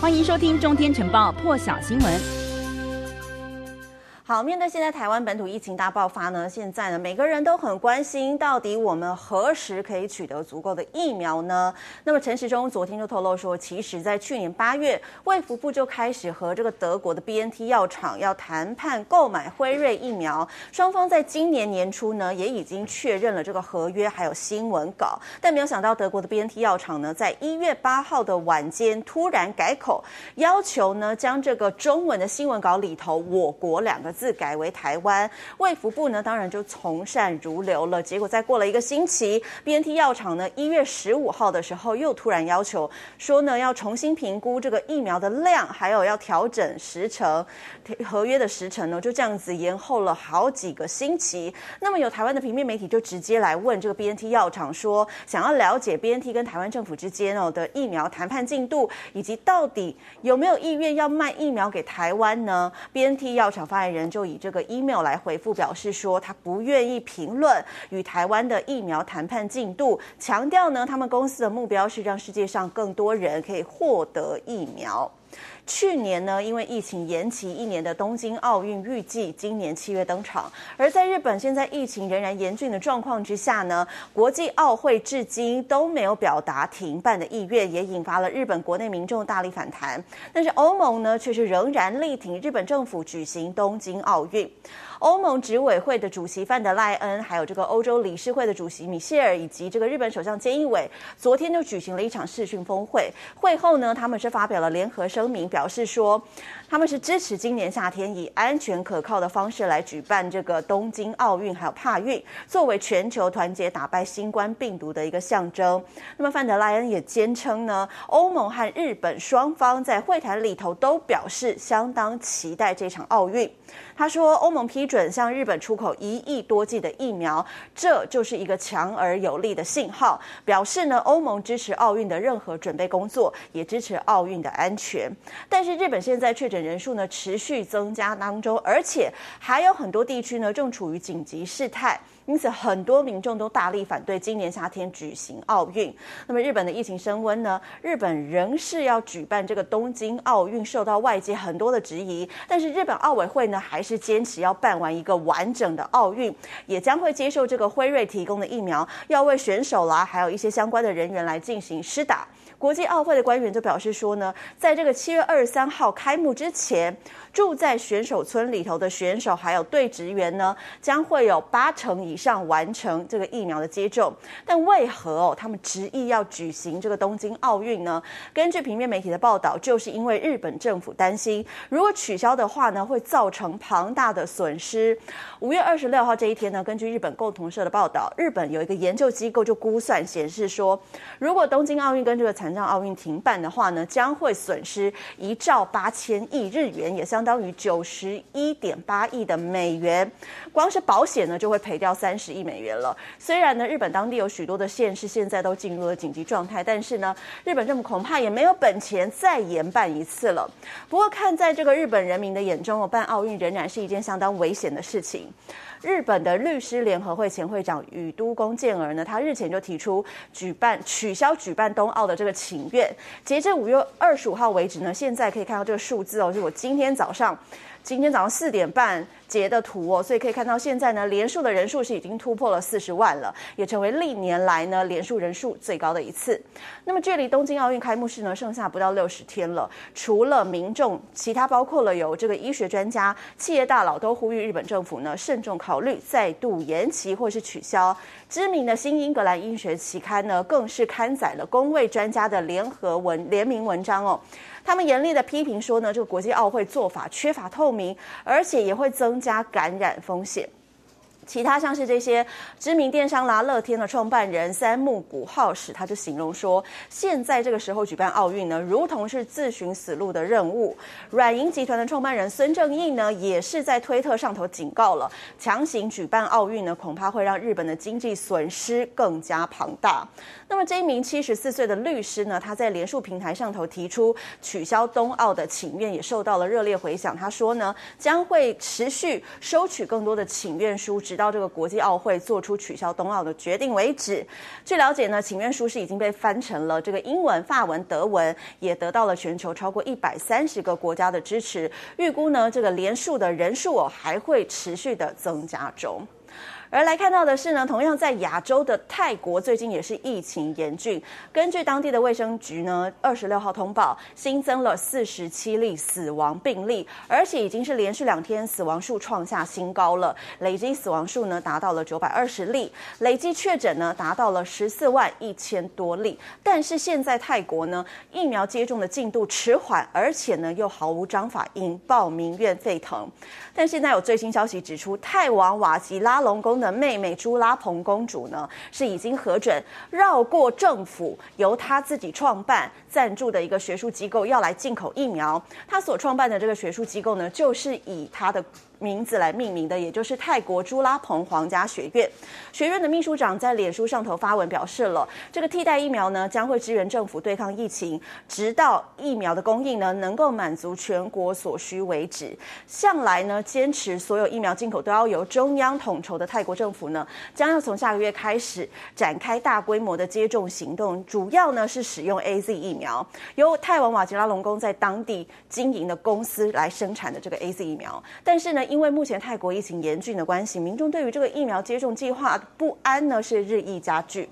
歡迎收聽《中天晨報》破曉新聞。好，面對現在台灣本土疫情大爆發呢，現在呢，每個人都很關心，到底我們何時可以取得足夠的疫苗呢？那麼陳時中昨天就透露說，其實，在去年八月，衛福部就開始和這個德國的 B N T 藥廠要談判購買輝瑞疫苗，雙方在今年年初呢，也已經確認了這個合約還有新聞稿，但沒有想到德國的 B N T 藥廠呢，在一月八號的晚間突然改口，要求呢將這個中文的新聞稿裡頭“我國”兩個。自改為台灣，衛福部呢，當然就從善如流了。結果再過了一個星期，BNT 藥廠呢，一月十五號的時候又突然要求說呢，要重新評估這個疫苗的量，還有要調整時程合約的時程呢，就這樣子延後了好幾個星期。那麼有台灣的平面媒體就直接來問這個 BNT 藥廠說，想要了解 BNT 跟台灣政府之間哦的疫苗談判進度，以及到底有沒有意願要賣疫苗給台灣呢？BNT 藥廠發言人。就以這個 email 來回復，表示說他不願意評論與台灣的疫苗談判進度，強調呢，他們公司的目標是讓世界上更多人可以獲得疫苗。去年呢，因為疫情延期一年的東京奧運預計今年七月登場。而在日本現在疫情仍然嚴峻的狀況之下呢，國際奧會至今都沒有表達停辦的意願，也引發了日本國內民眾大力反彈。但是歐盟呢，卻是仍然力挺日本政府舉行東京奧運。歐盟執委會的主席范德賴恩，還有這個歐洲理事會的主席米歇爾以及這個日本首相菅義偉，昨天就舉行了一場視訊峰會。會後呢，他們是發表了聯合聲明。聲明表示說，他們是支持今年夏天以安全可靠的方式來舉辦這個東京奧運，還有帕運，作為全球團結打敗新冠病毒的一個象徵。那麼，范德萊恩也堅稱呢，歐盟和日本雙方在會談裡頭都表示相當期待這場奧運。他說，歐盟批准向日本出口一億多劑的疫苗，這就是一個強而有力的信號，表示呢，歐盟支持奧運的任何準備工作，也支持奧運的安全。但是，日本現在確診人數呢持續增加當中，而且還有很多地區呢正處於緊急事態。因此，很多民眾都大力反對今年夏天舉行奧運。那麼，日本的疫情升溫呢，日本仍是要舉辦這個東京奧運，受到外界很多的質疑。但是，日本奧委會呢，還是堅持要辦完一個完整的奧運，也將會接受這個輝瑞提供的疫苗，要為選手啦，還有一些相關的人員來進行施打。國際奧會的官員就表示說呢，在這個七月二十三號開幕之前，住在選手村裡頭的選手還有隊職員呢，將會有八成以上完成這個疫苗的接種。但為何哦，他們執意要舉行這個東京奧運呢？根據平面媒體的報道，就是因為日本政府擔心，如果取消的話呢，會造成龐大的損失。五月二十六號這一天呢，根據日本共同社的報道，日本有一個研究機構就估算顯示說，如果東京奧運跟這個殘讓奧運停辦的話呢，將會損失一兆八千億日元，也相當於九十一點八億的美元。光是保險呢，就會賠掉三十億美元了。雖然呢，日本當地有許多的縣市現在都進入了緊急狀態，但是呢，日本政府恐怕也沒有本錢再延辦一次了。不過，看在這個日本人民的眼中，辦奧運仍然是一件相當危險的事情。日本的律師聯合會前會長宇都宮健兒呢，他日前就提出舉辦取消舉辦冬奧的這個。請願，截至五月二十五號為止呢，現在可以看到這個數字哦，是我今天早上。今天早上四點半截的圖哦，所以可以看到現在呢，連數的人數是已經突破了四十萬了，也成為歷年來呢連數人數最高的一次。那麼距離東京奧運開幕式呢，剩下不到六十天了。除了民眾，其他包括了有這個醫學專家、企業大佬都呼籲日本政府呢，慎重考慮再度延期或是取消。知名的新英格蘭醫學期刊呢，更是刊載了公衛專家的聯合文聯名文章哦，他們嚴厲的批評說呢，這個國際奧會做法缺乏透明，而且也會增加感染風險。其他像是這些知名電商啦，樂天的創辦人三木谷浩史，他就形容說，現在這個時候舉辦奧運呢，如同是自尋死路的任務。軟銀集團的創辦人孫正義呢，也是在推特上頭警告了，強行舉辦奧運呢，恐怕會讓日本的經濟損失更加龐大。那麼這一名七十四歲的律師呢，他在聯署平台上頭提出取消東奧的請願，也受到了熱烈迴響。他說呢，將會持續收取更多的請願書到這個國際奧會做出取消冬奧的決定為止，據了解呢，請願書是已經被翻成了這個英文、法文、德文，也得到了全球超過一百三十個國家的支持，預估呢這個聯署的人數還會持續的增加中。而來看到的是呢，同樣在亞洲的泰國，最近也是疫情嚴峻。根據當地的衛生局呢，二十六號通報新增了四十七例死亡病例，而且已經是連續兩天死亡數創下新高了。累計死亡數呢達到了九百二十例，累計確診呢達到了十四萬一千多例。但是現在泰國呢，疫苗接種的進度遲緩，而且呢又毫無章法，引爆民怨沸騰。但現在有最新消息指出，泰王瓦吉拉隆功。的妹妹朱拉蓬公主呢，是已經核准繞過政府，由她自己創辦贊助的一個學術機構，要來進口疫苗。她所創辦的這個學術機構呢，就是以她的。名字來命名的，也就是泰國朱拉蓬皇家學院。學院的秘書長在臉書上頭發文表示了，這個替代疫苗呢，將會支援政府對抗疫情，直到疫苗的供應呢能夠滿足全國所需為止。向來呢堅持所有疫苗進口都要由中央統籌的泰國政府呢，將要從下個月開始展開大規模的接種行動，主要呢是使用 AZ 疫苗，由泰王瓦吉拉隆功在當地經營的公司來生產的這個 AZ 疫苗，但是呢。因為目前泰國疫情嚴峻的關係，民眾對於這個疫苗接種計劃不安呢，是日益加劇。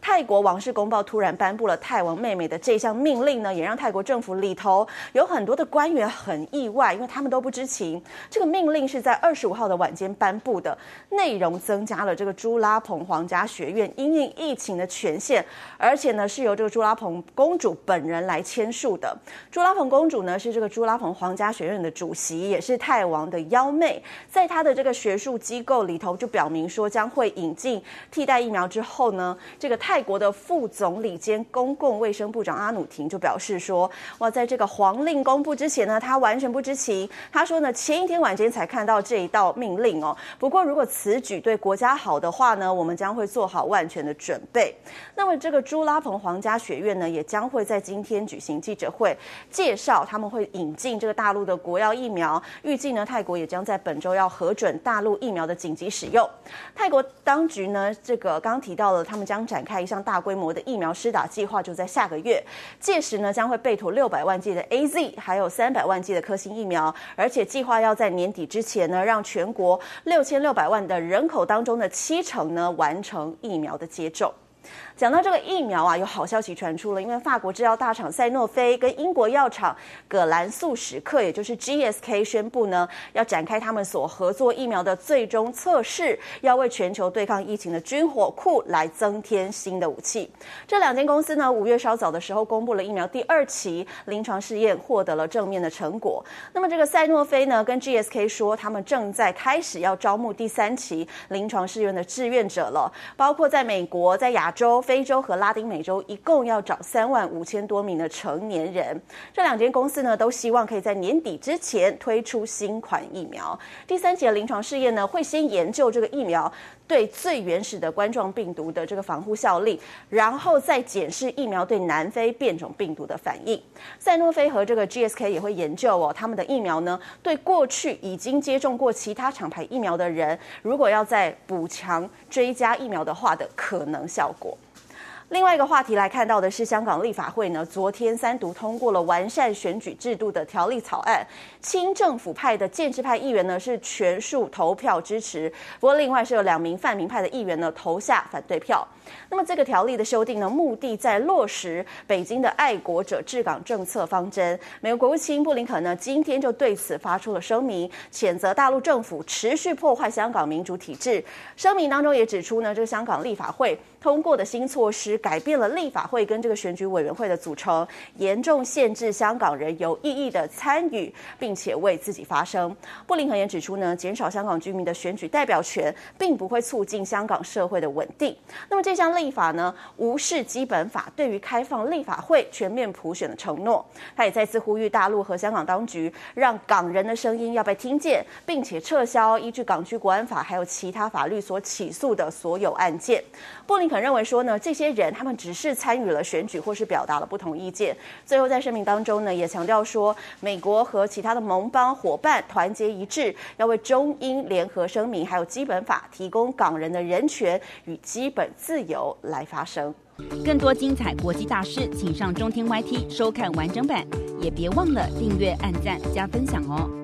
泰國王室公報突然頒布了泰王妹妹的這項命令呢，也讓泰國政府裡頭有很多的官員很意外，因為他們都不知情。這個命令是在二十五號的晚間頒布的，內容增加了這個朱拉蓬皇家學院因應疫情的權限，而且呢是由這個朱拉蓬公主本人來簽署的。朱拉蓬公主呢是這個朱拉蓬皇家學院的主席，也是泰王的幺妹，在她的這個學術機構裡頭就表明說將會引進替代疫苗之後呢，這個泰。泰國的副總理兼公共衛生部長阿努廷就表示說：“哇，在這個皇令公布之前呢，他完全不知情。他說呢，前一天晚間才看到這一道命令哦。不過，如果此舉對國家好的話呢，我們將會做好萬全的準備。那麼，這個朱拉蓬皇家學院呢，也將會在今天舉行記者會，介紹他們會引進這個大陸的國藥疫苗。預計呢，泰國也將在本周要核准大陸疫苗的緊急使用。泰國當局呢，這個剛提到了，他們將展開。”一項大規模的疫苗施打計劃，就在下個月。屆時呢，將會備妥六百萬劑的 AZ，還有三百萬劑的科興疫苗，而且計劃要在年底之前呢，讓全國六千六百萬的人口當中的七成呢，完成疫苗的接種。講到這個疫苗啊，有好消息傳出了，因為法國製藥大廠賽諾菲跟英國藥廠葛蘭素史克，也就是 GSK 宣布呢，要展開他們所合作疫苗的最終測試，要為全球對抗疫情的軍火庫來增添新的武器。這兩間公司呢，五月稍早的時候公布了疫苗第二期臨床試驗獲得了正面的成果。那麼這個賽諾菲呢，跟 GSK 說，他們正在開始要招募第三期臨床試驗的志願者了，包括在美國，在亞亞洲、非洲和拉丁美洲一共要找三萬五千多名的成年人。這兩間公司呢，都希望可以在年底之前推出新款疫苗。第三階段臨床試驗呢，會先研究這個疫苗，對最原始的冠狀病毒的這個防護效力，然後再檢視疫苗對南非變種病毒的反應。賽諾菲和這個 GSK 也會研究哦，他們的疫苗呢，對過去已經接種過其他廠牌疫苗的人，如果要再補強追加疫苗的話的可能效果。另外一個話題來看到的是，香港立法會呢，昨天三讀通過了完善選舉制度的條例草案。親政府派的建制派議員呢是全數投票支持，不過另外是有兩名泛民派的議員呢投下反對票。那麼這個條例的修訂呢，目的在落實北京的愛國者治港政策方針。美國國務卿布林肯呢今天就對此發出了聲明，譴責大陸政府持續破壞香港民主體制。聲明當中也指出呢，這個香港立法會通過的新措施。改變了立法會跟這個選舉委員會的組成，嚴重限制香港人有意義的參與，並且為自己發聲。布林肯也指出呢，減少香港居民的選舉代表權，並不會促進香港社會的穩定。那麼這項立法呢，無視基本法對於開放立法會全面普選的承諾。他也再次呼籲大陸和香港當局，讓港人的聲音要被聽見，並且撤銷依據港區國安法還有其他法律所起訴的所有案件。布林肯認為說呢，這些人。他們只是參與了選舉，或是表達了不同意見。最後在聲明當中呢，也強調說，美國和其他的盟邦夥伴團結一致，要為中英聯合聲明還有基本法提供港人的人權與基本自由來發聲。更多精彩國際大事請上中天 YT 收看完整版，也別忘了訂閱、按讚、加分享哦。